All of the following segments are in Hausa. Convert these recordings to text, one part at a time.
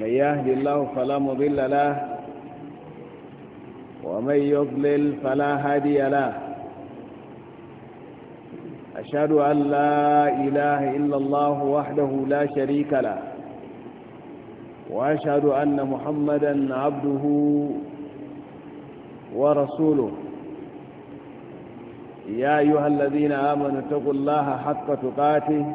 من يهدي الله فلا مضل له ومن يضلل فلا هادي له أشهد أن لا إله إلا الله وحده لا شريك له وأشهد أن محمدا عبده ورسوله يا أيها الذين آمنوا اتقوا الله حق تقاته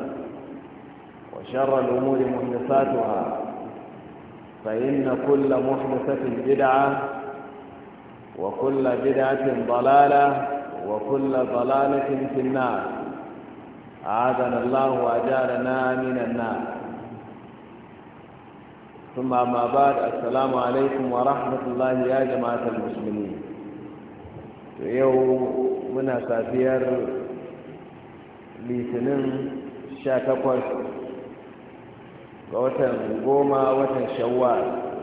وشر الأمور محدثاتها فإن كل محدثة بدعة وكل بدعة ضلالة وكل ضلالة في النار أعاذنا الله وأجارنا من النار ثم ما بعد السلام عليكم ورحمة الله يا جماعة المسلمين يوم من سافير لسنين sha ga watan goma watan Shawwa,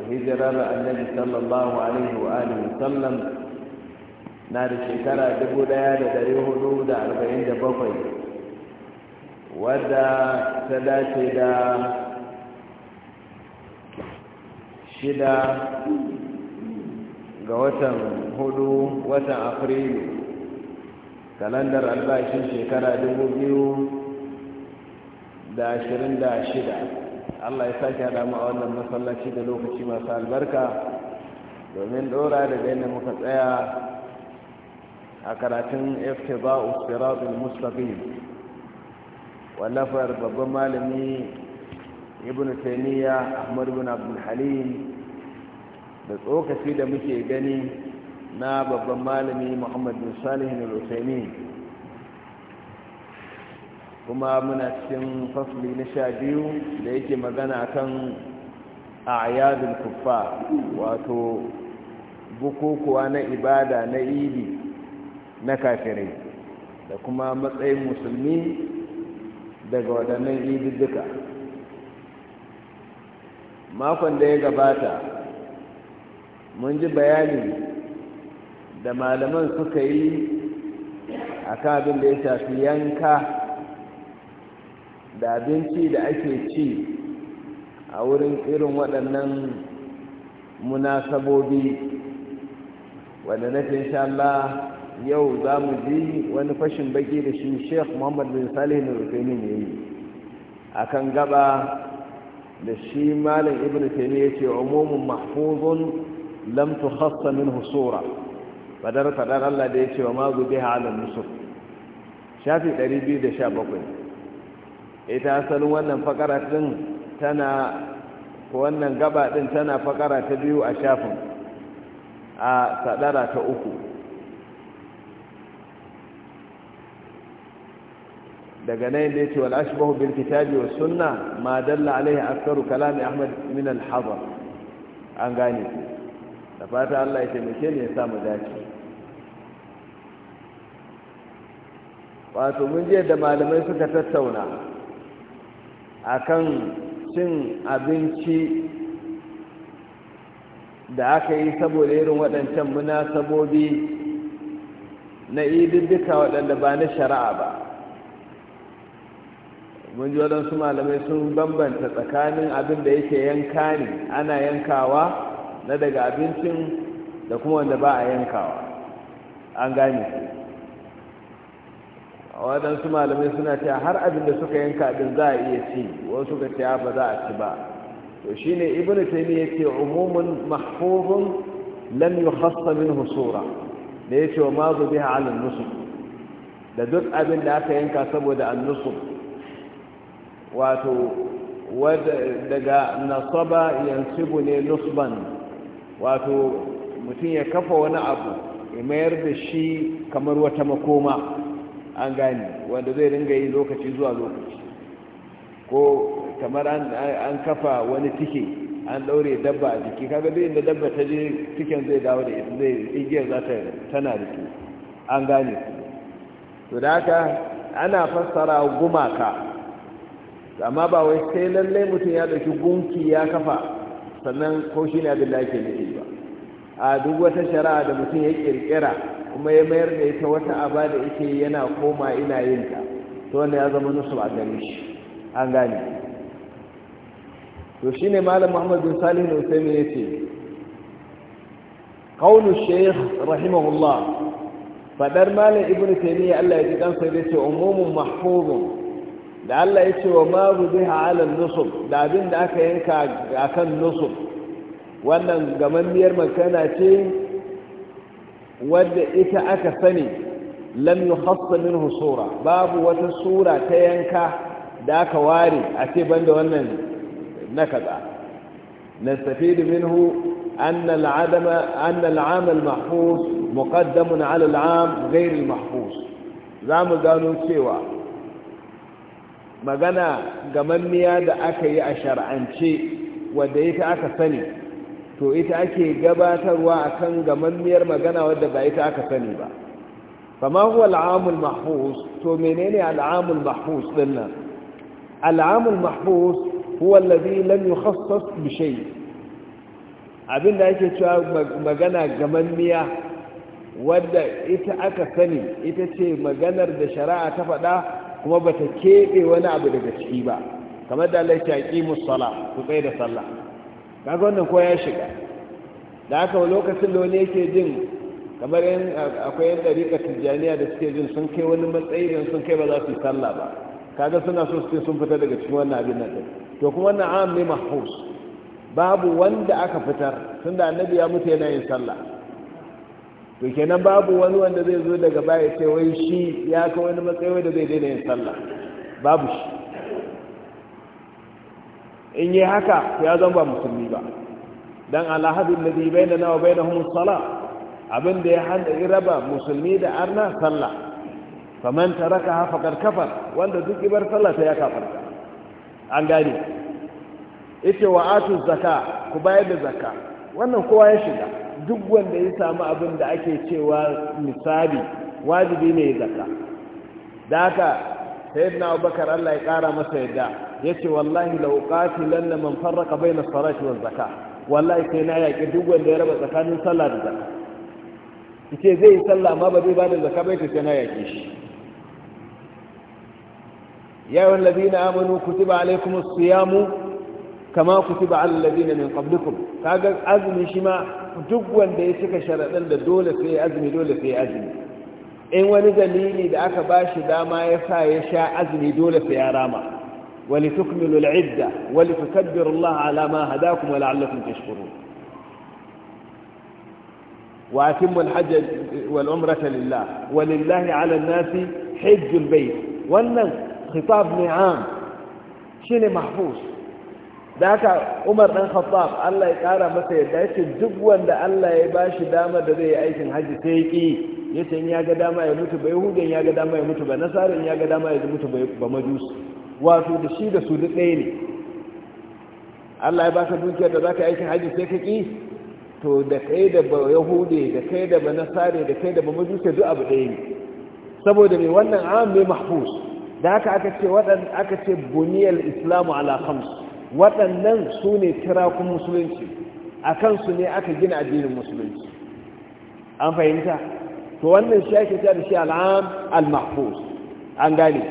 hijirar annabi sallallahu alaihi wa alihi sallam na da shekara 1447 wadda ta dace da shida ga watan hudu watan afrilu kalandar albashin shekara 2026 Allah ya sake haɗa mu a wannan masallaci da lokaci masu albarka domin ɗora da yadda muka tsaya a karatun iftiba'u siratul mustaqim wallafar babban malami ibn taymiya ahmad ibn abdul halim da tsokaci da muke gani na babban malami muhammad bin salih al-usaimin kuma muna cikin fasli na sha biyu da yake magana kan ayyadul kufa wato bukukuwa na ibada na ibi, na kafirai da kuma matsayin musulmi daga waɗannan duka. makon da ya gabata mun ji bayani da malaman suka yi a kabin da ya shafi yanka da abinci da ake ci a wurin irin waɗannan munasabobi wanda na insha Allah yau za mu ji wani fashin baki da shi sheikh muhammad bin salih na rufainin ya yi a kan gaba da shi malam ibn taimi ya ce umumin mahfuzun lam tukhassa minhu fadar fadar Allah da ya ce wa ma gubiha ala nusuf shafi 217 ita asalin wannan fakara din tana wannan gaba din tana fakara ta biyu a shafin a sadara ta uku daga nan da yake wal ashbahu bil kitabi was sunna ma dalla alaihi aktharu kalam ahmad min al hadar an gane da fata Allah ya taimake ni ya samu dace wato mun je da malamai suka tattauna akan cin abinci da aka yi saboda irin waɗancan munasabobi na ididdika waɗanda ba na shari'a ba mun ji waɗansu malamai sun bambanta tsakanin abin da yake yanka ne ana yankawa na daga abincin da kuma wanda ba a yankawa an gane su. waɗansu malamai suna cewa har abin da suka yanka din za a iya ci wasu ga cewa ba za a ci ba to shine ibnu taymi yace umumun mahfuzun lam yukhassa minhu sura da yace wa ma zubiha ala nusuk da duk abin da aka yanka saboda annusuk wato daga nasaba yansibu ne nusban wato mutum ya kafa wani abu ya mayar da shi kamar wata makoma an gane wanda zai ringa yi lokaci zuwa lokaci ko kamar an kafa wani tike an daure dabba a jiki kaga duk inda dabba ta je tiken zai dawo da ita zai igiyar za ta tana rike an gane to da haka ana fassara gumaka amma ba wai sai lallai mutum ya ɗauki gunki ya kafa sannan ko shi ne abin da ake nufi ba a duk wata shari'a da mutum ya ƙirƙira kuma ya mayar da ita wata aba da yake yana koma ina yin ta to wanda ya zama nusu a gare shi an gane to shine malam Muhammad bin Salih sai Usaimin yace qawlu shaykh rahimahullah fadar malam ibnu taymiya Allah ya ji kansa yace umumun mahfuzun da Allah ya ce wa ma budiha ala nusub da abin da aka yanka akan nusub wannan gamammiyar magana ce وإذا أكفني لم يخص منه صورة باب وتصورة تينكا داك واري أتبان دوانا نكبا نستفيد منه أن العدم أن العام المحفوظ مقدم على العام غير المحفوظ زام قانون سوى ما قنا قمنيا دا أكي أشرعنشي وديك أكفني to ita ake gabatarwa a kan gamammiyar magana wadda ba ita aka sani ba fama huwa al'amul mahfuz to menene al'amul mahfuz din nan al'amul mahfuz huwa allazi lam yukhassas bi shay abinda ake cewa magana gamammiya wadda ita aka sani ita ce maganar da shari'a ta faɗa kuma bata keɓe wani abu daga ciki ba kamar da Allah ya ce aqimus sala ku da sallah kaga wannan ko ya shiga da aka lokacin da wani yake jin kamar yin akwai yan ɗariƙa tijjaniya da suke jin sun kai wani matsayi da sun kai ba za su yi sallah ba kaga suna so su sun fita daga cikin wannan abin nan to kuma wannan am ne mahfuz babu wanda aka fitar da annabi ya mutu yana yin sallah to kenan babu wani wanda zai zo daga baya ya ce wai shi ya kai wani matsayi wanda zai daina yin sallah babu shi in yi haka ya zan ba musulmi ba dan alhadin ladhi da nawa bainahum as sala abin da ya hada iraba musulmi da arna sallah ta raka hafakar kafar wanda duk ibar sallah ta ya kafar an gane Ita wa atu zaka ku bayar da zaka wannan kowa ya shiga duk wanda ya samu abin da ake cewa misali wajibi ne zaka da haka sayyidina abubakar Allah ya ƙara masa yadda yace wallahi law qatilanna man farraqa bayna as-salati waz zaka, wallahi sai na yaki duk wanda ya raba tsakanin sallah da zakah yace zai yi sallah amma ba zai bada zaka ba sai na yaki shi ya ayyuhal ladina amanu kutiba alaykumus siyamu kama kutiba alal ladina min qablikum kaga azumi shi ma duk wanda ya cika sharadin da dole sai azumi dole sai azumi in wani dalili da aka ba shi dama ya sa ya sha azumi dole sai ya rama wali tukmilu al'idda wali tukabbiru Allah ala ma hadakum wa la'allakum tashkurun wa atimmu al-hajj wal umrata lillah walillahi 'ala an-nasi hajj al-bayt wannan khitab ne ni'am shine mahfuz da ka Umar dan Khattab Allah ya kara masa yadda yake duk wanda Allah ya bashi dama da zai yi aikin haji sai ya ya ce ya ga dama ya mutu ba yahudan ya ga dama ya mutu ba nasaran ya ga dama ya mutu ba majusi wato da shi da su da ɗaya ne Allah ya baka dukiyar da zaka aikin haji sai ka ƙi to da kai da ba hude da kai da ba nasare da kai da ba majusi duk abu ɗaya ne saboda mai wannan am mai mahfuz da haka aka ce waɗan aka ce buniyal islamu ala khams waɗannan su ne tirakun musulunci akan su ne aka gina addinin musulunci an fahimta to wannan shaki ta da shi al'am al-mahfuz an gane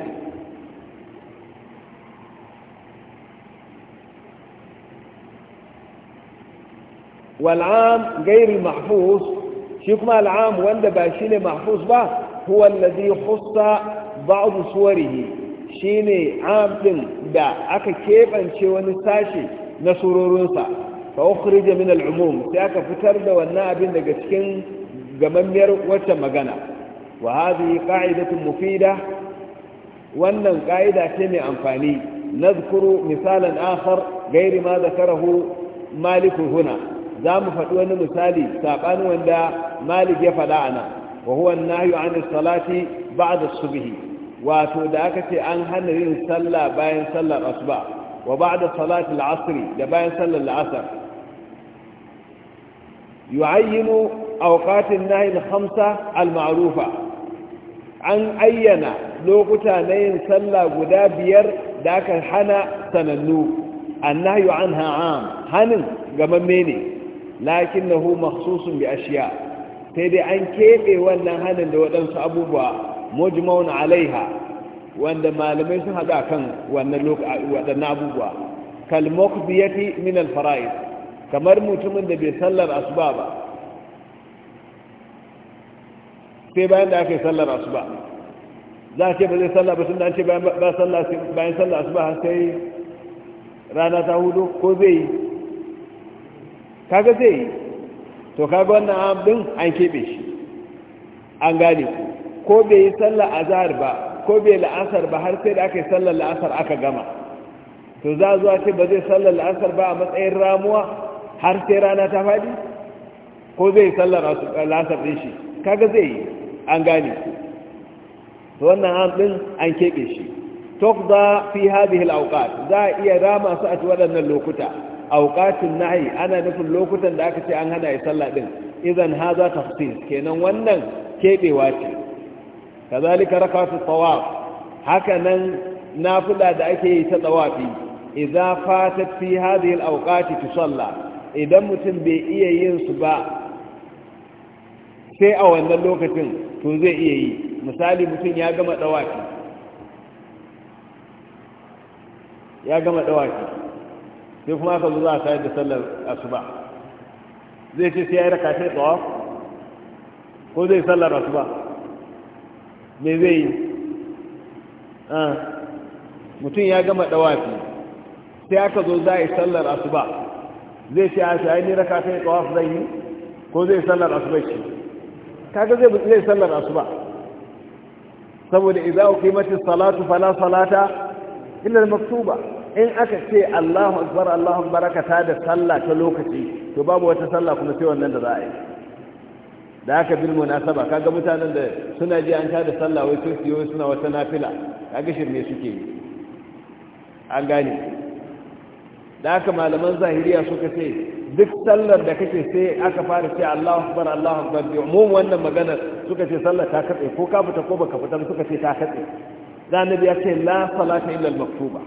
wal'am gairi mahfuz shi kuma al'am wanda ba shi ne mahfuz ba huwa lade husta ba abu suwarihi shi ne amfin da aka keɓance wani sashe na surorinsa ka ukuri jami'in al'umum sai aka fitar da wannan abin daga cikin gamammiyar wacce magana wa hadhihi qa'idatun mufida wannan ƙa'ida ce mai amfani nazkuru misalan akhar gairi ma zakarahu malik huna za mu faɗi wani misali saɓanin wanda malik ya faɗa ana wa huwa nahyu an salati ba'da subhi wato da aka ce an hana yin sallah bayan sallar asuba wa ba'da salati al da bayan sallar al-asr yu'ayyinu auqatin nahil khamsa al-ma'rufa an ayyana lokuta na yin sallah guda biyar da aka hana sanannu annahyu anha am hanin gamamme ne lakinnahu makhsusun bi ashiya sai dai an keɓe wannan hanin da waɗansu abubuwa mujmaun alaiha wanda malamai sun hada kan waɗannan abubuwa kalmok biyati min alfara'id kamar mutumin da bai sallar asuba ba sai bayan da aka yi sallar asuba za a ce ba zai sallah ba da an ce bayan sallar asuba har sai rana ta hudu ko zai yi kaga zai yi to kaga wannan abin an keɓe shi an gane ko bai yi sallar azahar ba ko bai la'asar ba har sai da aka yi sallar la'asar aka gama to za a zuwa ce ba zai sallar la'asar ba a matsayin ramuwa har sai rana ta faɗi ko zai yi sallar la'asar ɗin shi kaga zai yi an gane ku to wannan an din an keɓe shi tukda fi hadhihi al za a iya rama su a ci waɗannan lokuta awqatun nahi ana nufin lokutan da aka ce an hana ya sallah din idan ha za ta tafsir kenan wannan kebewa ce kazalika rakatu tawaf haka nan nafila da ake yi ta tawafi idan fatat fi hadhihi al-awqat tusalla idan mutum bai iya yin su ba sai a wannan lokacin to zai iya yi misali mutum ya gama dawaki ya gama dawaki sai kuma aka zo za a sayar da sallar asuba zai ce sai ya yi raka sai tsawaf ko zai sallar asuba me zai yi ah. mutum ya gama dawaki sai aka zo za a yi sallar asuba zai ce a shi ainihin raka sai tsawaf zai yi ko zai sallar asuba shi kaga zai zai sallar asuba saboda idza uqimatis salatu fala salata illa al-maktuba in aka ce Allahu akbar Allahu barakata da sallah ta lokaci to babu wata sallah kuma sai wannan da za a yi da aka bil munasaba kaga mutanen da suna ji an ta da sallah wai sun suna wata nafila kaga shirme suke yi an gane da aka malaman zahiriya suka ce duk sallar da kake sai aka fara sai Allahu akbar Allahu akbar da mu wannan magana suka ce sallar ta katse ko ka fita ko baka fita suka ce ta katse da annabi ya ce la salata illa al-maktuba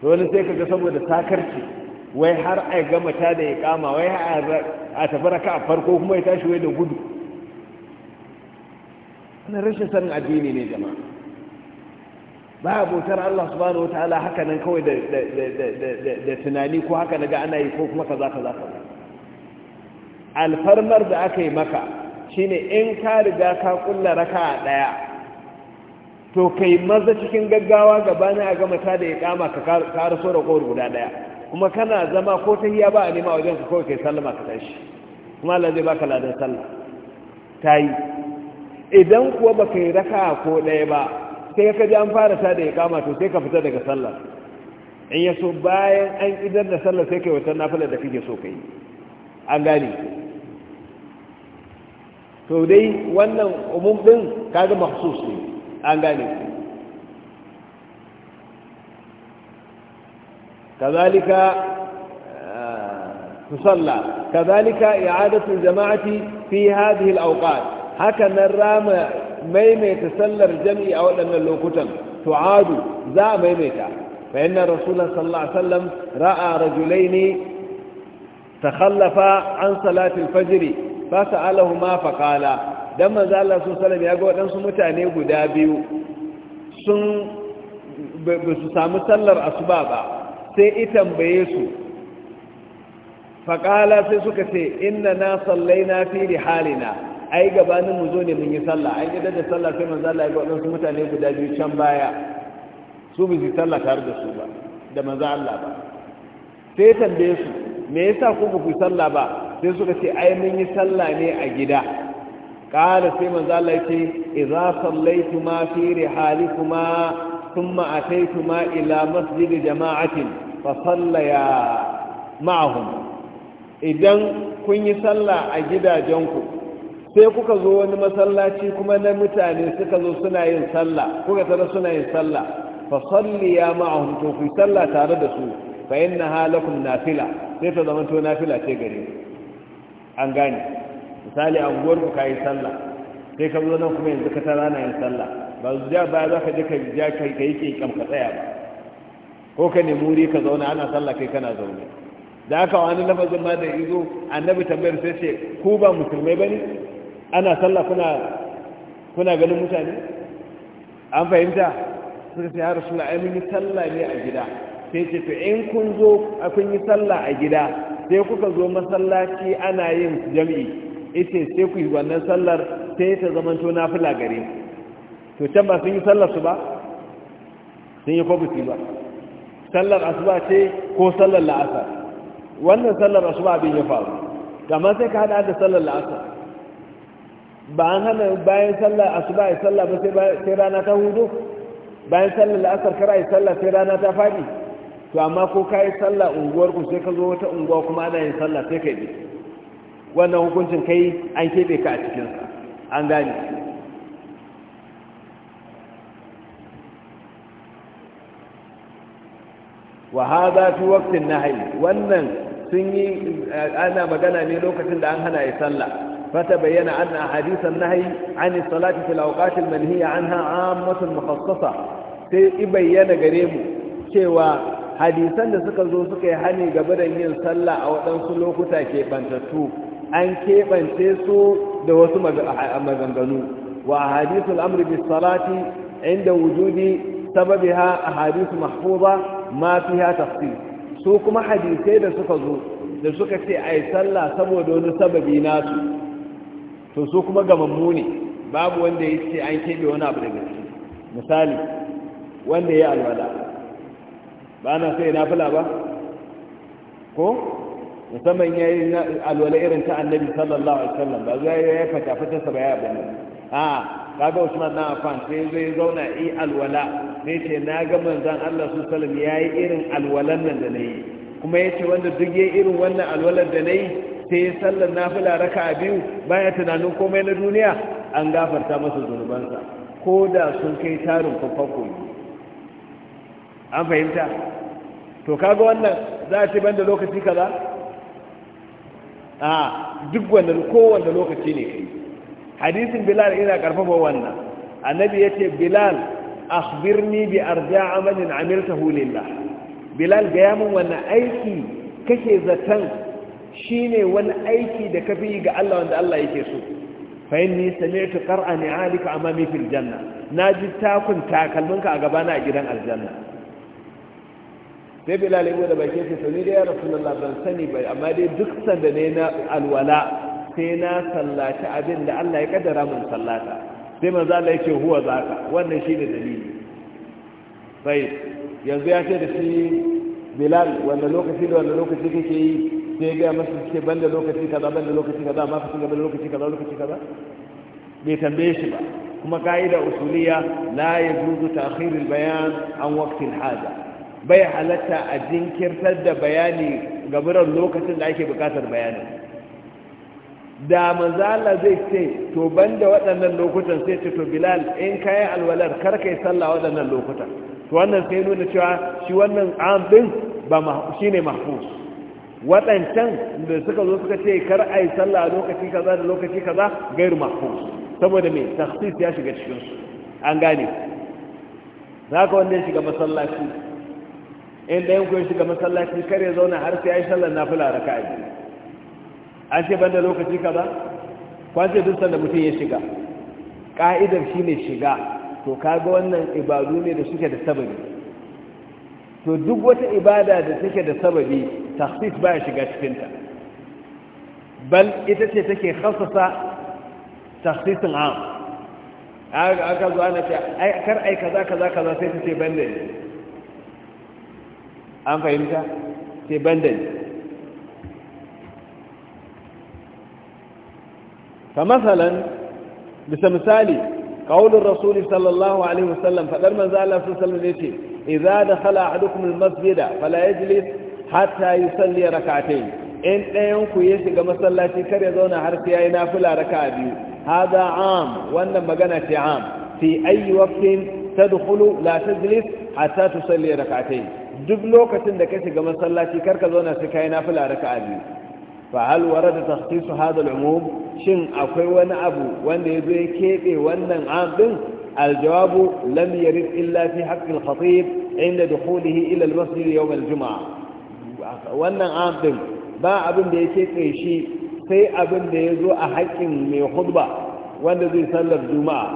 to wani sai kaga saboda sakarci wai har ai gama ta da iqama wai a tafi a farko kuma ya tashi wai da gudu wannan rashin sanin addini ne jama'a ba a bautar Allah subhanahu wataala haka nan kawai da tunani ko haka ga ana yi ko kuma ka za za ka za. alfarmar da aka yi maka shine in ka riga ka kulla raka a daya to kai maza cikin gaggawa gabani a gama ta da ya kama ka so da kowar guda daya kuma kana zama ko ta tahiya ba a nema wajen ka kawai kai sallama ka tashi kuma Allah zai baka ladan sallah yi. idan kuwa baka yi raka ko daya ba sai ka ji an fara sa da ya kama to sai ka fita daga sallah in ya so bayan an idar da sallah sai ka yi wata nafilar da kake so ka yi an gane to dai wannan umum din kaga mahsus ne an gane kazalika tusalla kazalika i'adatu jama'ati fi hadhihi al-awqat haka nan rama maimaita sallar jam'i a waɗannan lokutan to adu za a maimaita fa inna rasulullah sallallahu alaihi wasallam ra'a an salati al-fajr alahu ma fa dan manzo Allah sallallahu ya ga waɗansu mutane guda biyu sun ba su sami sallar asuba ba sai i tambaye su fa sai suka ce inna na sallaina fi rihalina ai gabanin mu zo ne mun yi sallah an yi da sallah sai manzo Allah ya ga wadansu mutane guda biyu can baya su ba su sallah tare da su ba da manzo Allah ba sai tambaye su me yasa ku ba ku sallah ba sai suka ce ai mun yi sallah ne a gida qala sai manzo Allah ya ce idza ma fi rihalikuma thumma ma ila masjid jama'atin fa sallaya ma'ahum idan kun yi sallah a gidajenku sai kuka zo wani masallaci kuma na mutane suka zo suna yin sallah kuka tara suna yin sallah fa salli ya ma'ahum to ku sallah tare da su fa inna halakum nafila sai ta zama to nafila ce gare ku an gane misali gwar ku kai sallah sai ka zo nan kuma yanzu ka tara na yin sallah ba su ja ba za ka je ka ja kai kai ke kam ka tsaya ba ko ka nemi wuri ka zauna ana sallah kai kana zaune da aka wani lafazin ma da izo annabi tambayar sai ce ku ba musulmai bane ana sallah kuna kuna ganin mutane an fahimta suka ce ya rasulullah ai mun yi sallah ne a gida sai ce to in kun zo a kun yi sallah a gida sai kuka zo masallaci ana yin jami'i ita sai ku yi wannan sallar sai ta zamanto nafila gare to can ba sun yi sallar su ba sun yi kwabuti ba sallar asuba ce ko sallar la'asar wannan sallar asuba abin ya faru amma sai ka hada da sallar la'asar ba an hana bayan sallah asuba ai sallah ba sai rana ta hudu bayan sallah la'asar kar ai sallah sai rana ta faɗi to amma ko ka yi sallah unguwar ku sai ka zo wata unguwa kuma ana yin sallah sai ka yi wannan hukuncin kai an keɓe ka a cikinsa an gane wa haza fi waktin nahyi wannan sun yi eh, ana magana ne lokacin da an hana ya sallah فتبين أن أحاديث النهي عن الصلاة في الأوقات المنهية عنها عامة مخصصة تبين قريم شوى حديثا لسك الزوسك يحني قبل أن ينسلى أو تنسلوك تكيبا تتوب أن كيبا تيسو دوسو مغنغنو وأحاديث الأمر بالصلاة عند وجود سببها أحاديث محفوظة ما فيها تخصيص سوكما حديثي لسك الزوسك da suka ce a yi sallah saboda wani sababi nasu to su kuma ga ne babu wanda ya ce an keɓe wani abu daga ciki misali wanda ya alwala ba na sai na fula ba ko musamman ya yi alwala irin ta annabi sallallahu alaihi wasallam ba zai ya fata fata sa ba ya bane a kaga Usman na afan sai zai zauna yi alwala sai ce na ga manzon Allah su sallam yayi irin alwalan nan da nayi kuma yace wanda duk yayi irin wannan alwalan da nayi sai sallar nafila raka biyu baya tunanin komai na duniya an gafarta masa zunubansa ko da sun kai tarin fafako an fahimta to kaga wannan za a ce banda lokaci kaza a duk wanda kowanne lokaci ne kai hadisin bilal ina karfafa wannan annabi ya ce bilal akhbirni bi arja'a amalin amiltahu lillah bilal ga yamin wannan aiki kake zaton Shi ne wani aiki da ka fi ga Allah wanda Allah yake so fa inni sami'tu qar'a ni'alika amami fil janna naji takun takalminka a gabana a gidan aljanna sai bilal ibn da bake ce to ni da ya rasulullah ban sani ba amma dai duk sanda ne na alwala sai na sallata abin da Allah ya kaddara mun sallata sai manzo Allah yake huwa zaka wannan ne dalili sai yanzu ya ce da shi bilal wanda lokaci da wanda lokaci kake yi sai gaya masa ce ban da lokaci kaza ban da lokaci kaza amma ka gaba da lokaci kaza lokaci kaza bai tambaye shi ba kuma ka'ida usuliya la yajuzu ta'khirul bayan an waktin haza bai halatta a jinkirtar da bayani gaburan lokacin da ake bukatar bayanin da manzala zai ce to banda waɗannan lokutan sai ce to bilal in yi alwalar yi sallah waɗannan lokutan to wannan sai nuna cewa shi wannan am ɗin shi shine mahfuz waɗancan da suka zo suka ce kar a yi sallah a lokaci kaza da lokaci kaza gair mahfuz saboda mai tahsis ya shiga cikin su an gane za ka wanda ya shiga masallaci in ɗayan ku ya shiga masallaci kar ya zauna har sai ya yi sallah na raka a biyu an ce banda lokaci kaza kwace duk sanda mutum ya shiga ka'idar shi ne shiga to kaga wannan ibadu ne da suke da sababi to duk wata ibada da suke da sababi تخصيص باية شكاتكين بل إذا تكي خصصة تخصيص عام أقضوا أنا في أكر أي كذا كذا كذا سيتي بندن أم فهمت سيتي بندن فمثلا بسمثالي قول الرسول صلى الله عليه وسلم فلما زال الله صلى الله عليه وسلم إذا دخل أحدكم المسجد فلا يجلس hatta yi salli rak'atayn in ɗayan ku ya shiga masallaci kar ya zauna har sai yayi nafila raka'a biyu hada am wannan magana ce am fi ayi waqtin tadkhulu la tajlis hatta tusalli rak'atayn duk lokacin da ka shiga masallaci kar ka zauna sai kai nafila raka'a biyu fa hal warada takhsis hada al-umum shin akwai wani abu wanda ya zo ya keɓe wannan abin aljawabu lam yarid illa fi haqqil khatib inda dukhulihi ila almasjid yawm aljum'a wannan abin ba abin da ya keɓe shi sai abin da ya zo a haƙƙin mai hudba wanda zai sallar juma'a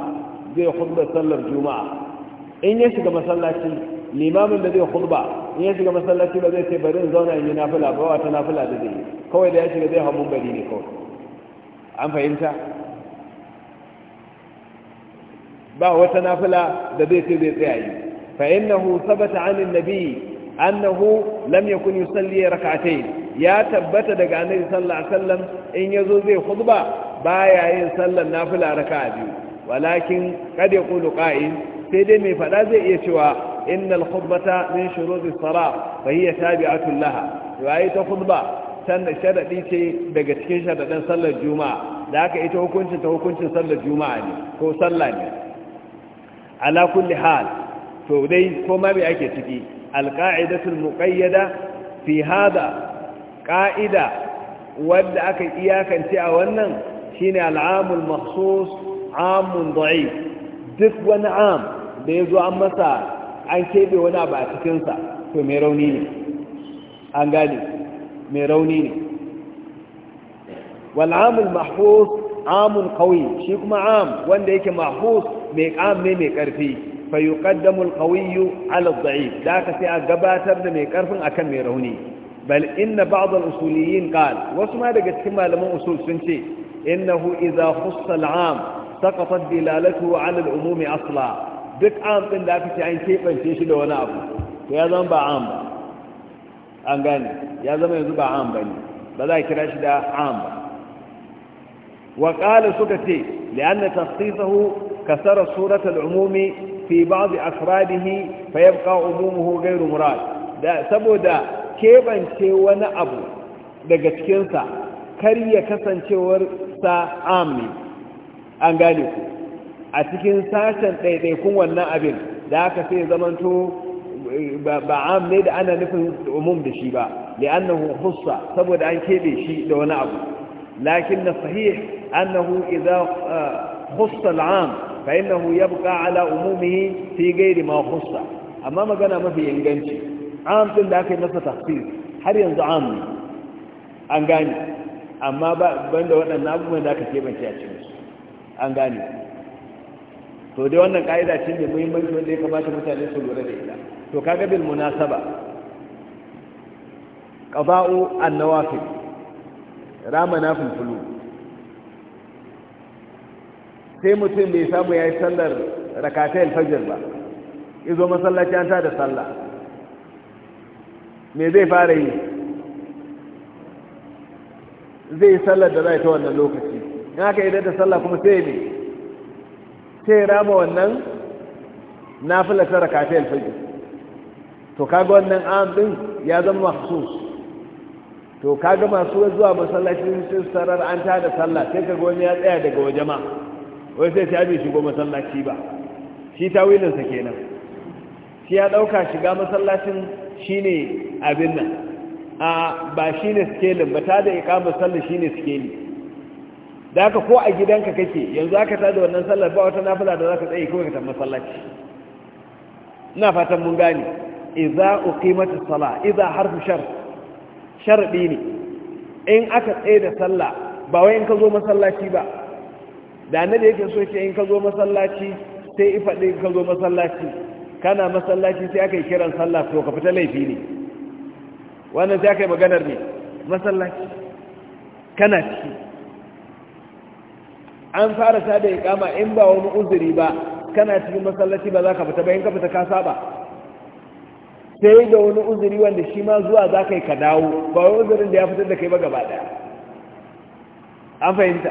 zai hudba sallar juma'a in ya shiga masallaci limamin da zai hudba in ya shiga masallaci ba zai ce bari in zauna in yi nafila ba wata nafila da zai yi kawai da ya shiga zai hau bari ne kawai an fahimta ba wata nafila da zai ce zai tsaya yi fa innahu sabata anin nabi annahu lam yakun yusalli rak'atayn ya tabbata daga annabi sallallahu alaihi wasallam in yazo zai khutba baya yin sallar nafila raka biyu walakin kad yaqulu qa'il sai dai mai fada zai iya cewa innal khutbata min shurutis salat fa hiya tabi'atun laha yayi ta khutba san sharadi ce daga cikin sharadan sallar juma'a da haka ita hukuncin ta hukuncin sallar juma'a ne ko sallah ne ala kulli hal to dai ko ma bai ake ciki alƙa'idatul muƙayyada fi hada ƙa'ida wanda aka iyakance a wannan shine al'amul mahsus amun da'i duk wani am da ya zo an masa an keɓe wani abu cikinsa to mai rauni ne an gane mai rauni ne wal'amul mahsus amun kawai shi kuma am wanda yake mahsus mai ƙam ne mai ƙarfi fayyukaddamul kawiyu alazza'i da aka sai a gabatar da mai karfin akan mai rauni bal inna ba'd al-usuliyyin wasu ma daga cikin malaman usul ce innahu idza khussa al-am saqata dilalatuhu ala al-umumi asla duk am din da kake an kebance shi da wani abu ya zama ba am ya zama yanzu ba am ba za kira shi da am ba wa qala suka ce li'anna tasdiqahu kasara surata al-umumi fi ba'd afradihi fa yabqa umumuhu ghayru murad da saboda kebance wani abu daga cikinsa, sa kar ya kasancewar sa amni an gane ku a cikin sashen ɗaiɗaikun wannan abin da aka sai zamanto ba am ne da ana nufin umum da shi ba li'annahu hussa saboda an kebe shi da wani abu lakin na sahih annahu idza hussa al'am fa innahu yabqa ala umumihi fi ghairi ma khussa amma magana mafi inganci am din da aka yi masa tafsir har yanzu am ne an gane amma ba banda waɗannan abubuwan da aka bace a cikin su an gane to dai wannan ka'ida ce mai muhimmanci wanda ya kamata mutane su lura da ita to kaga bil munasaba qada'u an-nawafil rama nafil fulu sai mutum bai samu ya yi sallar rakatai alfajir ba izo masallaci an da sallah me zai fara yi zai sallar da zai ta wannan lokaci in haka idan da sallah kuma sai ne sai rama wannan nafila ta rakatai alfajir to kaga wannan an din ya zama mahsus to kaga masu zuwa masallaci sun sarar an ta da sallah sai kaga wani ya tsaya daga waje ma wai sai ta bai shigo masallaci ba shi tawilinsa kenan shi ya ɗauka shiga masallacin shine abin nan a ba shine skelin ba ta da ikamar sallar shine skeli da haka ko a gidanka kake yanzu aka ta da wannan sallar ba wata nafila da za ka tsaye kawai ka tafi masallaci ina fatan mun gane iza uqimatu sala iza harfu shar sharadi ne in aka tsaye da sallah ba wai in ka zo masallaci ba da annabi yake so ce in ka zo masallaci sai ifaɗi in ka zo masallaci kana masallaci sai aka yi kiran sallah to ka fita laifi ne wannan sai aka yi maganar ne masallaci kana ciki an fara sada da kama in ba wani uzuri ba kana cikin masallaci ba za ka fita ba in ka fita ka saba sai da wani uzuri wanda shi ma zuwa za ka yi ka dawo ba wani uzurin da ya fitar da kai ba gaba daya an fahimta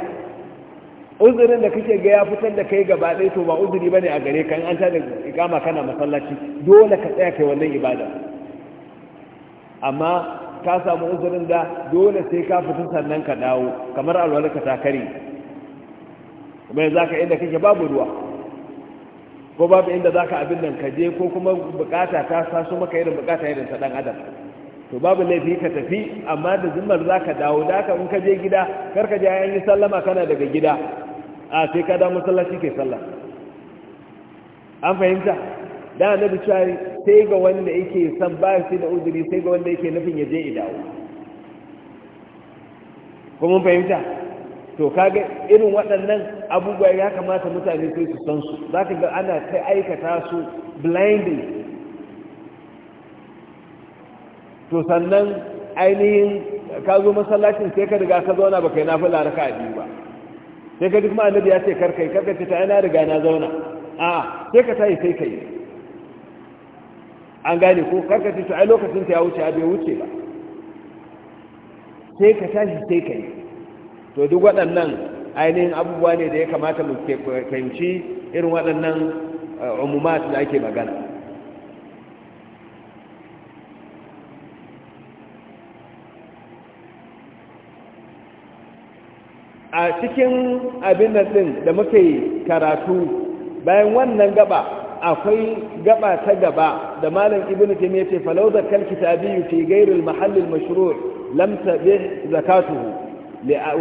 uzurin da kake ga ya fitar da kai gaba ɗaya to ba uzuri bane a gare ka in an tada ikama kana masallaci dole ka tsaya kai wannan ibada amma ka samu uzurin da dole sai ka fitar sannan ka dawo kamar alwalarka ta takare kuma yanzu ka inda kake babu ruwa ko babu inda zaka abin nan ka je ko kuma bukata ta taso maka irin bukata irin ta dan adam to babu laifi ka tafi amma da zimmar zaka dawo da ka in ka je gida kar ka je an yi sallama kana daga gida a sai ka da masallaci ke sallah an fahimta da na bishari sai ga wanda yake san ba shi da uzuri sai ga wanda yake nufin ya je idawo kuma fahimta to kaga irin waɗannan abubuwa ya kamata mutane sai su san su za ka ga ana ta aikata su blindly to sannan ainihin ka zo masallacin sai ka riga ka zauna ba kai na fi laraka a biyu ba sai ka duk ma annabi ya ce karka yi karka ce ta yana riga na zauna a sai ka tayi sai ka yi an gane ko karka ce a lokacin ta ya wuce a bai wuce ba sai ka tashi sai ka yi to duk waɗannan ainihin abubuwa ne da ya kamata mu fahimci irin waɗannan eh, umumat da ake magana a cikin abin da din da muke karatu bayan wannan gaba akwai gaba ta gaba da malam ibnu ya ce falau zakal kitabiyyu fi ghayri al-mahall al-mashru' lam zakatuhu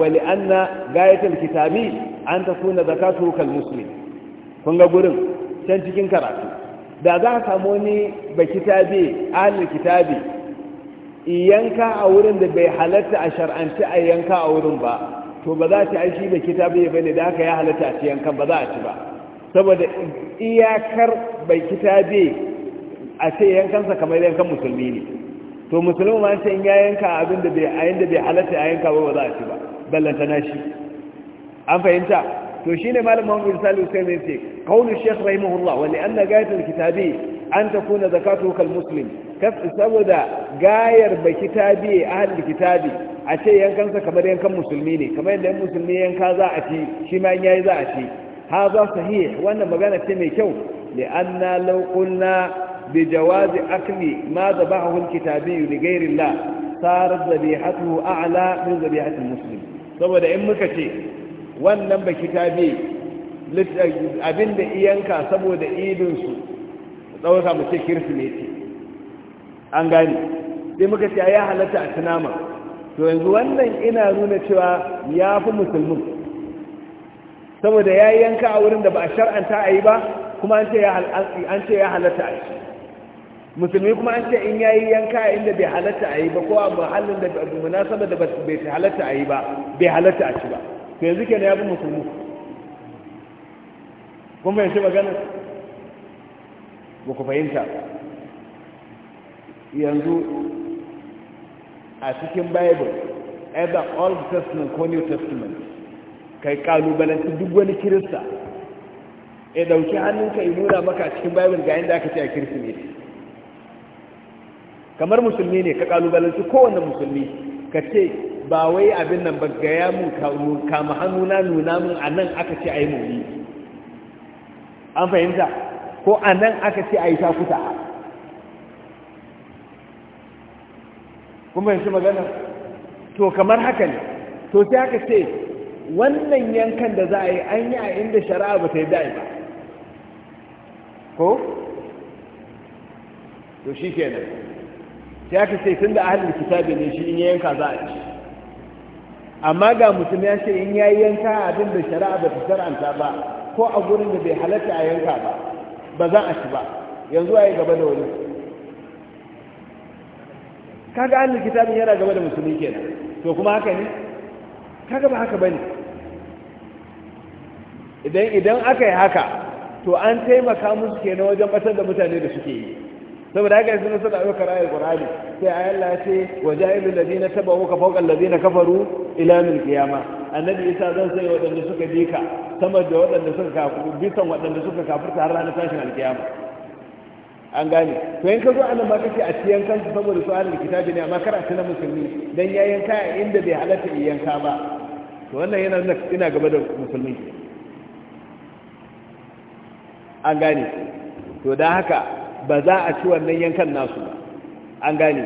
wa li'anna gayat al-kitabi an takuna zakatuhu kal muslim kun ga gurin can cikin karatu da za ka samu ni ba kitabi ahlul kitabi yanka a wurin da bai halatta a shar'anci a yanka a wurin ba to ba za ta aishi da ya bane da haka ya halatta a ciyan kan ba za a ci ba saboda iyakar bai kitabe a ce yankansa kamar yankan musulmi ne to musulmi ma ce ya yanka abin da bai ayin bai halatta a yanka ba ba za a ci ba ballanta na shi an fahimta to shine malam Muhammad Salihu sai mai ce kaunu Sheikh rahimahullah wa li anna gayatul kitabi an takuna zakatuhu kal muslim saboda gayar ba kitabe a ahlul kitabe. a ce yankansa kamar yankan musulmi ne kamar yadda musulmi yanka za a ci shi ma yayi za a ci ha za su sahih wannan magana ce mai kyau an na laukuna bi jawazi akli ma dhabahu al-kitabi li ghayri Allah sarat dhabihatuhu a'la min dhabihati musulmi. saboda in muka ce wannan ba kitabi abinda iyanka saboda idin su dauka mu ce kirsimeti an gani sai muka ce ya halatta a tunama to yanzu wannan ina nuna cewa ya fi musulmin saboda ya yi yanka a wurin da ba a shar'anta a yi ba kuma an ce ya halatta a shi musulmi kuma an ce in ya yi yanka a inda bai halatta a yi ba ko a muhallin da munasaba da bai halatta a yi ba bai halatta a ci ba to yanzu kenan ya fi musulmi kun fahimci magana ba ku fahimta yanzu a cikin bible either old testament ko new testament kai kalubalanci duk wani kirista ya e, dauki hannunka ya nuna maka a cikin bible ga yadda aka ce a kirsimeti kamar musulmi ne ka kalubalanci kowane musulmi ka ce ba wai abin nan ba gaya mun kama hannuna nuna mun a nan aka ce a yi mori an fahimta ko a nan aka ce a yi takuta kuma yanzu magana to kamar haka ne to sai aka ce wannan yankan da za a yi an yi a inda shari'a ba ta yi da'i ba ko to shi kenan sai aka ce tun da ahalin kitabi ne shi in yi yanka za a ci amma ga mutum ya ce in ya yi yanka abin da shari'a ba ta shar'anta ba ko a gurin da bai halatta a yanka ba ba za a ci ba yanzu a yi gaba da wani kaga an kitabin yana gaba da musulmi kenan to kuma haka ne kaga ba haka bane idan idan aka yi haka to an taimaka musu kenan wajen batar da mutane da suke yi saboda haka yanzu na sada ɗaukar ayar ƙur'ani sai a Allah ce wa ja'ilul ladina tabawu ka fawqa alladina kafaru ila min qiyama annabi isa zan sai waɗanda suka bi ka sama da waɗanda suka kafu bisan waɗanda suka kafirta har ranar tashin alkiyama an gane to in ka zo a nan ba kake a ciyan yankan su saboda su ahlul kitabi ne amma kar a na musulmi dan ya yanka a inda bai halatta yi yanka ba to wannan yana nan ina gaba da musulmi an gane to da haka ba za a ci wannan yankan nasu ba an gane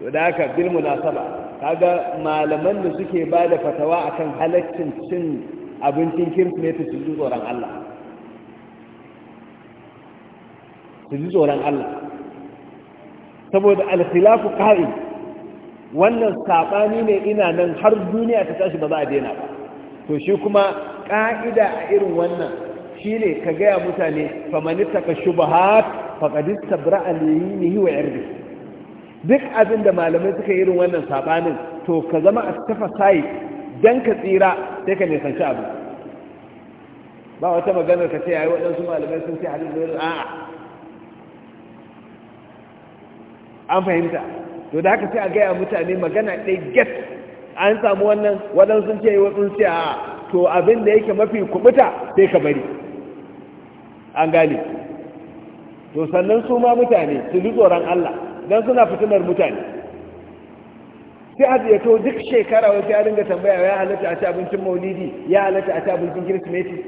to da haka bil munasaba kaga malaman da suke ba da fatawa akan halaccin cin abincin kirsimeti su ji tsoron Allah su ji tsoron Allah saboda alkhilafu qa'im wannan sabani ne ina nan har duniya ta tashi ba za a daina ba to shi kuma ka'ida a irin wannan shine ka gaya mutane famanita ka shubahat faqad istabra'a liyinihi wa irdi duk abin da malamai suka yi irin wannan sabanin to ka zama a tafa sai dan ka tsira sai ka nisanci abu ba wata maganar ka ce yayi waɗansu malamai sun ce hadisi a'a an fahimta to da haka sai a gaya mutane magana ɗai get an samu wannan waɗansu ce waɗansu ce a to abin da yake mafi kubuta sai ka bari an gane to sannan su ma mutane su ji tsoron Allah don suna fitinar mutane sai a ya to duk shekara wasu ya dinga tambaya ya halatta a ci abincin maulidi ya halatta a ci abincin kirsimeti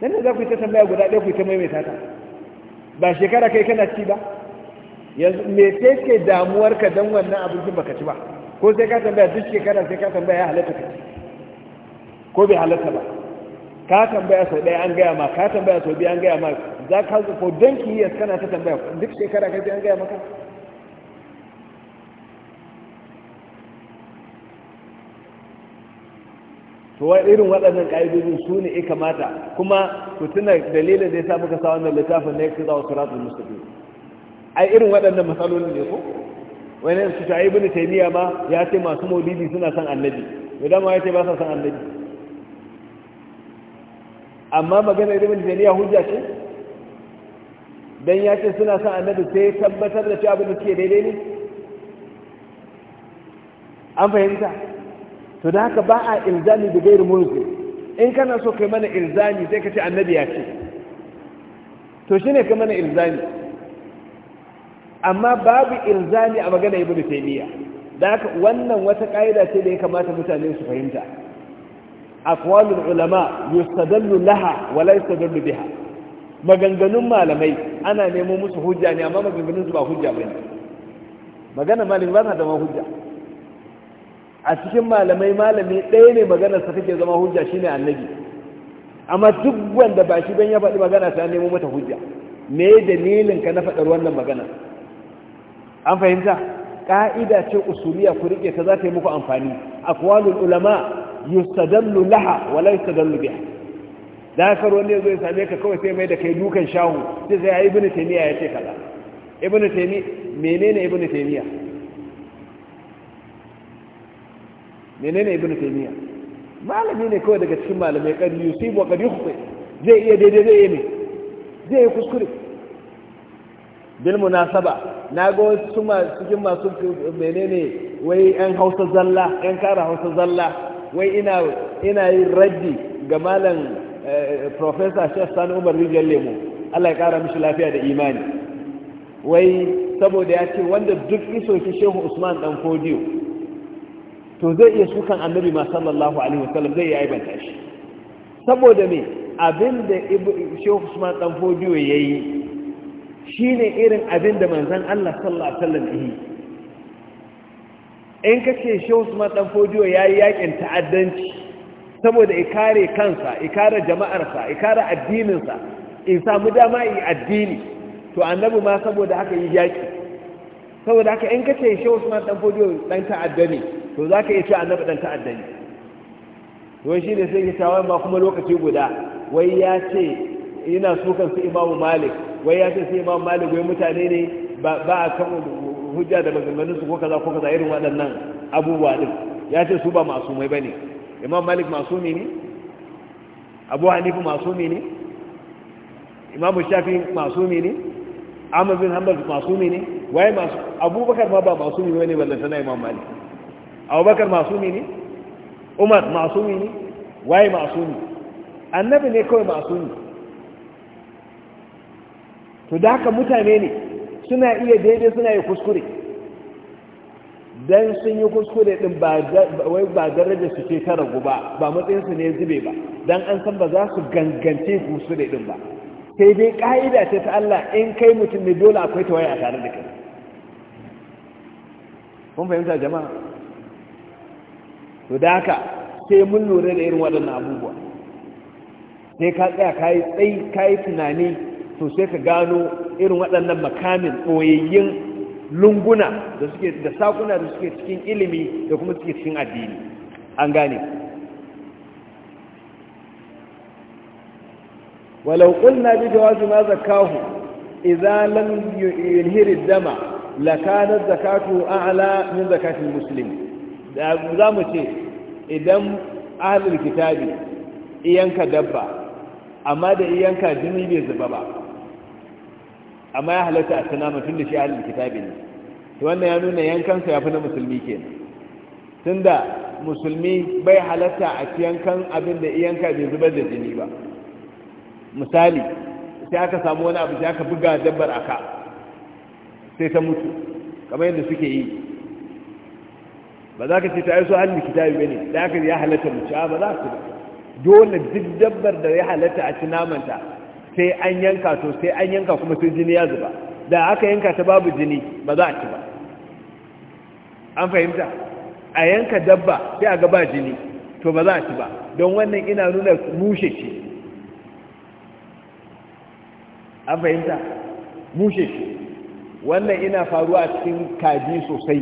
sannan da za ku yi ta tambaya guda ɗaya ku yi ta maimaita ta ba shekara kai kana ci ba yanzu me damuwar ka don wannan abincin baka ci ba ko sai ka tambaya duk shekara sai ka tambaya ya halatta ka ci ko bai halatta ba ka tambaya sau ɗaya an gaya ma ka tambaya sau biyu an gaya ma za ka ko don ki yi kana ta tambaya duk shekara kai an gaya maka to wa irin waɗannan ƙa'idodin su ne ya kamata kuma ku tuna dalilin da ya sa muka sa wannan littafin na ya fi zawo suratul mustaqim ai irin waɗannan matsalolin ne ko wani su ta ibn taimiyya ma ya ce masu maulidi suna son annabi mai dama ya ce ba sa son annabi amma magana ibn taimiyya hujja ce don ya ce suna son annabi sai tabbatar da shi abin da suke daidai ne an fahimta to da haka ba a ilzami da gairu mulki in kana so kai mana ilzami sai ka ce annabi ya ce to shine kai mana ilzami amma babu ilzami a magana ibnu taymiya da haka wannan wata ka'ida ce da ya kamata mutane su fahimta aqwalul ulama yustadallu laha wa la yustadallu biha maganganun malamai ana nemo musu hujja ne amma maganganun su ba hujja bane magana malami ba ta zama hujja a cikin malamai malami ɗaya ne maganar sa take zama hujja shine annabi amma duk wanda ba shi ban ya faɗi magana ta nemo mata hujja me dalilin ka na faɗar wannan magana an fahimta ka'ida ce usuliya ku rike ta za ta yi muku amfani aqwalul ulama yustadallu laha wa la yustadallu biha da haka ruwan ne zai same ka kawai sai mai da kai dukan shahu sai sai ibnu taymiya ya ce kaza ibnu taymi menene ibnu taymiya menene ibnu taymiya malami ne kawai daga cikin malamai kan yusuf wa kadi khutai zai iya daidai zai iya ne zai yi kuskure bil munasaba na ga wasu cikin masu menene wai yan hausa zalla yan kara hausa zalla wai ina ina yin raddi ga malam eh, professor Sheikh Sani Umar rijiyar Lemo Allah ya kara mishi lafiya da imani wai saboda ya ce wanda duk iso ki Shehu Usman dan Fodiyo to zai iya sukan annabi ma sallallahu alaihi wasallam zai iya aibanta shi saboda me abin da Shehu Usman dan Fodiyo yi. Shi ne irin abin da manzan Allah sallallahu alaihi wasallam yi in ka kace Shehu Usman dan ya yi yakin ta'addanci saboda ikare kansa ikare jama'arsa ikare addininsa in samu dama yi addini to annabi ma saboda haka yi yaki saboda haka in kace Shehu Usman dan Fodiyo dan ta'adda ne to zaka iya cewa annabi dan ta'adda to shi ne sai ya tawaye ba kuma lokaci guda wai ya ce yana sukan su Imam Malik wai ya ce sai imam malik wai mutane ne ba a kan hujja da maganganun su ko kaza ko kaza irin waɗannan abubuwa din ya ce su ba masu mai bane imam malik masu ne abu hanifu masu ne imam shafi masu ne ahmad bin hanbal masu ne wai masu abubakar ma ba masu ne bane wanda na imam malik abubakar masu ne umar masu ne masu ne annabi ne kawai masu ne to da mutane ne suna iya daidai suna yi kuskure Don sun yi kuskure din ba wai ba darajar su ce ta ragu ba matsayinsu ne zube ba Don an san ba za su gangance kuskure din ba sai dai ka'ida ce ta Allah in kai mutum ne dole akwai tawaye a tare da kai kun fahimta jama'a to da sai mun lura da irin waɗannan abubuwa sai ka tsaya ka tsayi ka yi tunani to sai ka gano irin waɗannan makamin ɓoyayyun lunguna da suke da sakuna da suke cikin ilimi da kuma suke cikin addini an gane walau qulna bi jawazi ma zakahu idza lam yunhiri dama kana zakatu a'la min zakati muslim da za mu ce idan ahlul kitabi iyanka dabba amma da iyanka jini bai zuba ba amma ya halatta a sana mutum da shi ahlul kitabi ne to wannan ya nuna yankansa ya fi na musulmi kenan tunda musulmi bai halatta a yankan abin da iyanka bai zubar da jini ba misali sai aka samu wani abu sai aka buga dabbar aka sai ta mutu kamar yadda suke yi ba za ka ce ta yi su halin kitabi ba ne da aka ya halatta ci ba za su dole duk dabbar da ya halatta a ci namanta sai an yanka to sai an yanka kuma sai jini ya zuba da aka yanka ta babu jini ba za a ci ba an fahimta a yanka dabba sai a ga jini to ba za a ci ba don wannan ina nuna mushe ce an fahimta mushe ce wannan ina faruwa a cikin kaji sosai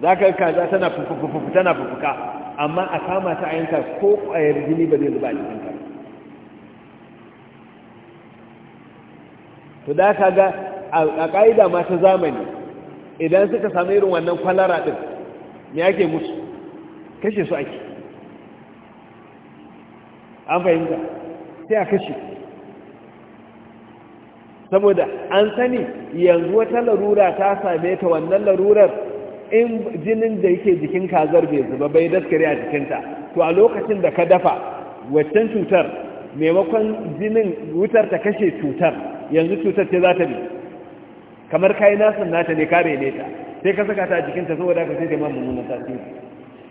za ka kaza tana fufuka amma a kama ta a yanka ko ƙwayar jini ba zai zuba a jikinta. to da ka ga a ƙa'ida ma ta zamani idan suka samu irin wannan kwalara ɗin ne ake musu kashe su ake an fahimta sai a kashe saboda an sani yanzu wata larura ta same ta wannan larurar in jinin da yake jikin kazar bai zuba bai daskare a jikinta to a lokacin da ka dafa waccan cutar maimakon jinin wutar ta kashe cutar yanzu cutar ce za ta bi kamar kai nasin nata ne kare ne ta sai ka saka ta a jikinta saboda ka sai ta mamu nuna tasiri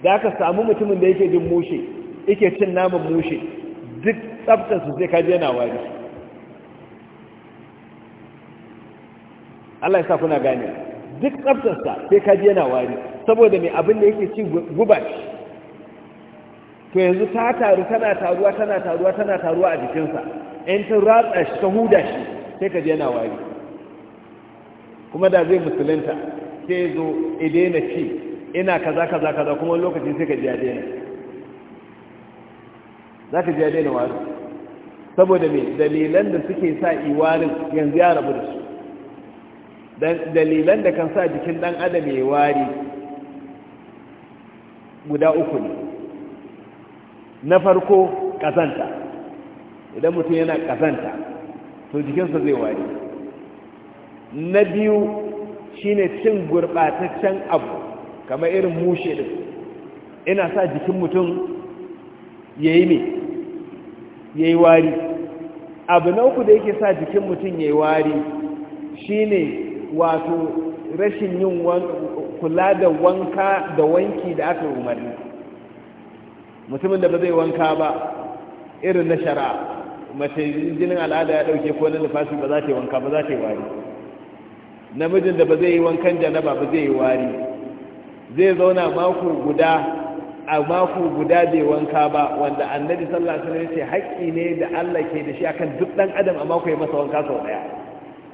da aka samu mutumin da yake jin mushe yake cin naman mushe duk su sai ka yana wari Allah ya sa kuna gane duk sa sai ka yana wari saboda mai abin da yake ci guba to yanzu ta taru tana taruwa tana taruwa tana taruwa a jikinsa in ta ratsa shi ta huda shi sai ka je yana wari kuma da zai musulunta sai zo ya daina ci ina kaza kaza kaza kuma lokaci sai ka je ya daina za ka je ya daina wari saboda me dalilan da suke sa iwarin yanzu ya rabu da su dalilan da kan sa jikin dan adam ya wari guda uku ne na farko kazanta idan mutum yana kazanta to jikinsa zai wari na biyu shine cin gurɓataccen abu kamar irin mushe ɗin ina sa jikin mutum ya yi ne ya yi wari abu na uku da yake sa jikin mutum ya yi wari shine wato rashin yin kula da wanka da wanki da aka umarni mutumin da ba zai wanka ba irin na shari'a mace jinin al'ada ya dauke ko na nufashi ba za ta yi wanka ba za ta yi wari namijin da ba zai yi wankan janaba ba zai yi wari zai zauna mako guda a mako guda bai wanka ba wanda annabi sallallahu alaihi wasallam ya ce haƙƙi ne da Allah ke da shi akan duk dan adam a mako ya masa wanka sau daya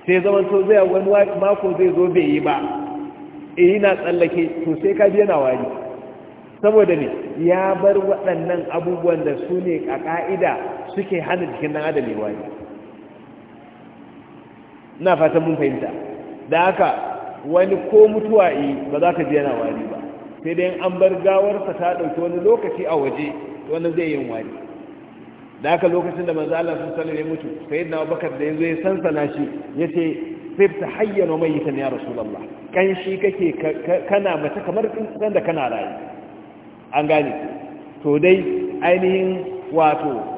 sai zaman to zai wani mako zai zo bai yi ba eh ina tsallake to sai ka biya wari saboda ne ya bar waɗannan abubuwan da su ne a ƙa'ida suke hana jikin ɗan adam ya wari ina fatan mun fahimta da haka wani ko mutuwa yi ba za ka je yana wari ba sai dai an bar gawarsa ta ɗauki wani lokaci a waje wani zai yin wari da haka lokacin da manzo Allah sallallahu alaihi ya mutu sayyidina bakar da yanzu ya sana shi yace ta hayyan wa mayyitan ya rasulullah kan shi kake kana mace kamar tsuntsan da kana rayi an gane to dai ainihin wato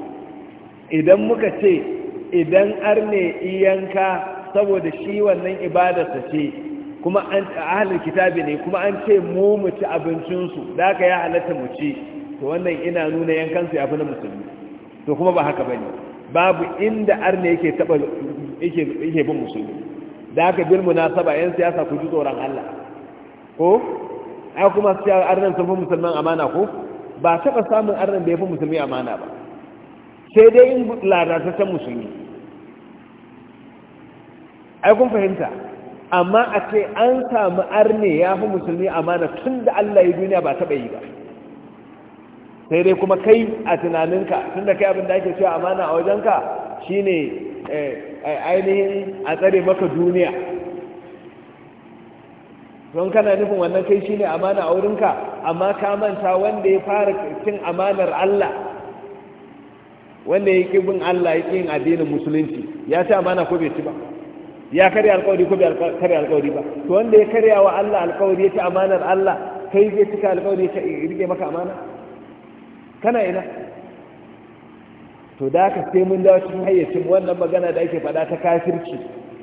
idan muka ce idan arne iyanka saboda shi wannan ibadarsa ce kuma an ahlul kitabi ne kuma an ce mu mu ci abincinsu da aka ya halatta mu ci to wannan ina nuna yankansu ya fi na musulmi to kuma ba haka bane babu inda arne yake taba yake yake bin musulmi da aka bil munasaba yan siyasa ku ji tsoron Allah ko ai kuma sai arnan sun fi musulman amana ko ba taɓa samun arnan da ya fi musulmi amana ba sai dai in ta musulmi ai kun fahimta amma a ce an samu arne ya fi musulmi amana tun da Allah yi duniya ba taɓa yi ba sai dai kuma kai a tunaninka tun da kai abin da ake cewa amana a wajenka shine eh, eh, ainihin a tsare maka duniya don kana nufin wannan kai shine amana a wurinka amma ka manta wanda ya fara cin amanar Allah wanda ya yi bin Allah ya ƙin yin addinin musulunci ya sa amana ko bai ci ba ya karya alkawari ko bai karya alkawari ba to wanda ya karya wa Allah alkawari ya ci amanar Allah kai zai cika alkawari ya eh, rike maka amana kana ina to da ka sai mun dawo cikin hayyacin wannan magana da ake faɗa ta kafirci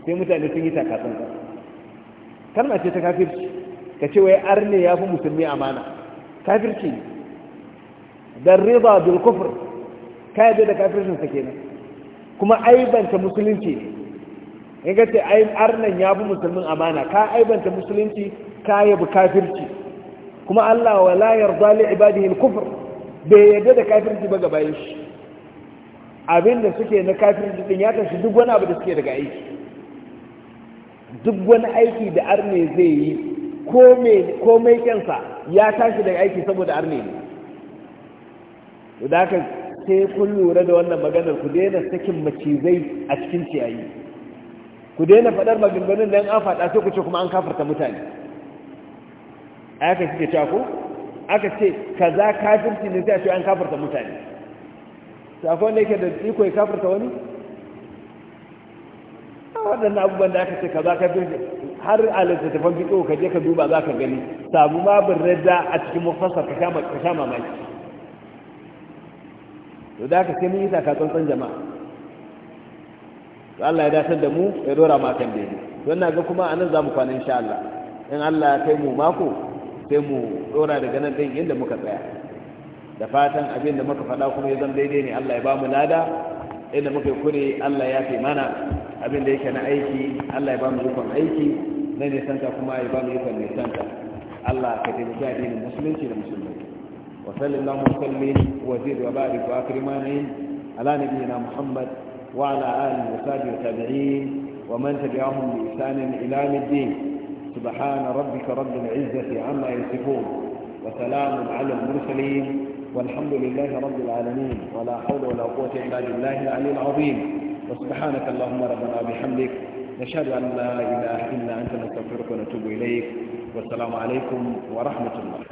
sai mutane sun yi takatsan kalma ce ta kafirci ka ce wai arne ya fi musulmi amana kafirci dan riba bil kufr ka da kafircin sa kenan kuma aibanta musulunci ne ga ce ai arnan ya bi musulmin amana ka aibanta musulunci ka yabi kafirci kuma Allah wala yarda li ibadihi al-kufr bai yarda da kafirci ba gabayin shi abinda suke na kafirci din ya tashi duk wani abu da suke daga aiki duk wani aiki da arne zai yi komai kyansa ya tashi daga aiki saboda arne ne da haka sai kun lura da wannan maganar ku daina sakin macizai a cikin ciyayi ku daina faɗar maganganun da an faɗa sai ku ce kuma an kafarta mutane aka suke cewa ko aka ce kaza kafirci ne sai a ce an kafarta mutane sako wanda yake da iko ya kafarta wani waɗanda abubuwan da aka ce ka za ka kafirci har a littattafan fito ka je ka duba za ka gani samu ma bin da a cikin mafasar ka sha mamaki to da aka kai mun ka tsantsan jama'a to Allah ya dace da mu ya dora ma kan dai to na ga kuma anan zamu kwana insha Allah in Allah ya kai mu mako sai mu dora daga nan din inda muka tsaya da fatan abin da muka faɗa kuma ya zama daidai ne Allah ya ba mu lada inda muka yi kure Allah ya fi mana abin da yake na aiki Allah ya ba mu aiki na nisanta kuma ya ba mu nisanta Allah ka taimaki addinin musulunci da musulunci. وصلى اللهم وسلم وزيد وبارك واكرم على نبينا محمد وعلى اله وصحبه التابعين ومن تبعهم باحسان الى يوم الدين سبحان ربك رب العزه عما يصفون وسلام على المرسلين والحمد لله رب العالمين ولا حول ولا قوه الا بالله العلي العظيم وسبحانك اللهم ربنا وبحمدك نشهد ان لا اله الا انت نستغفرك ونتوب اليك والسلام عليكم ورحمه الله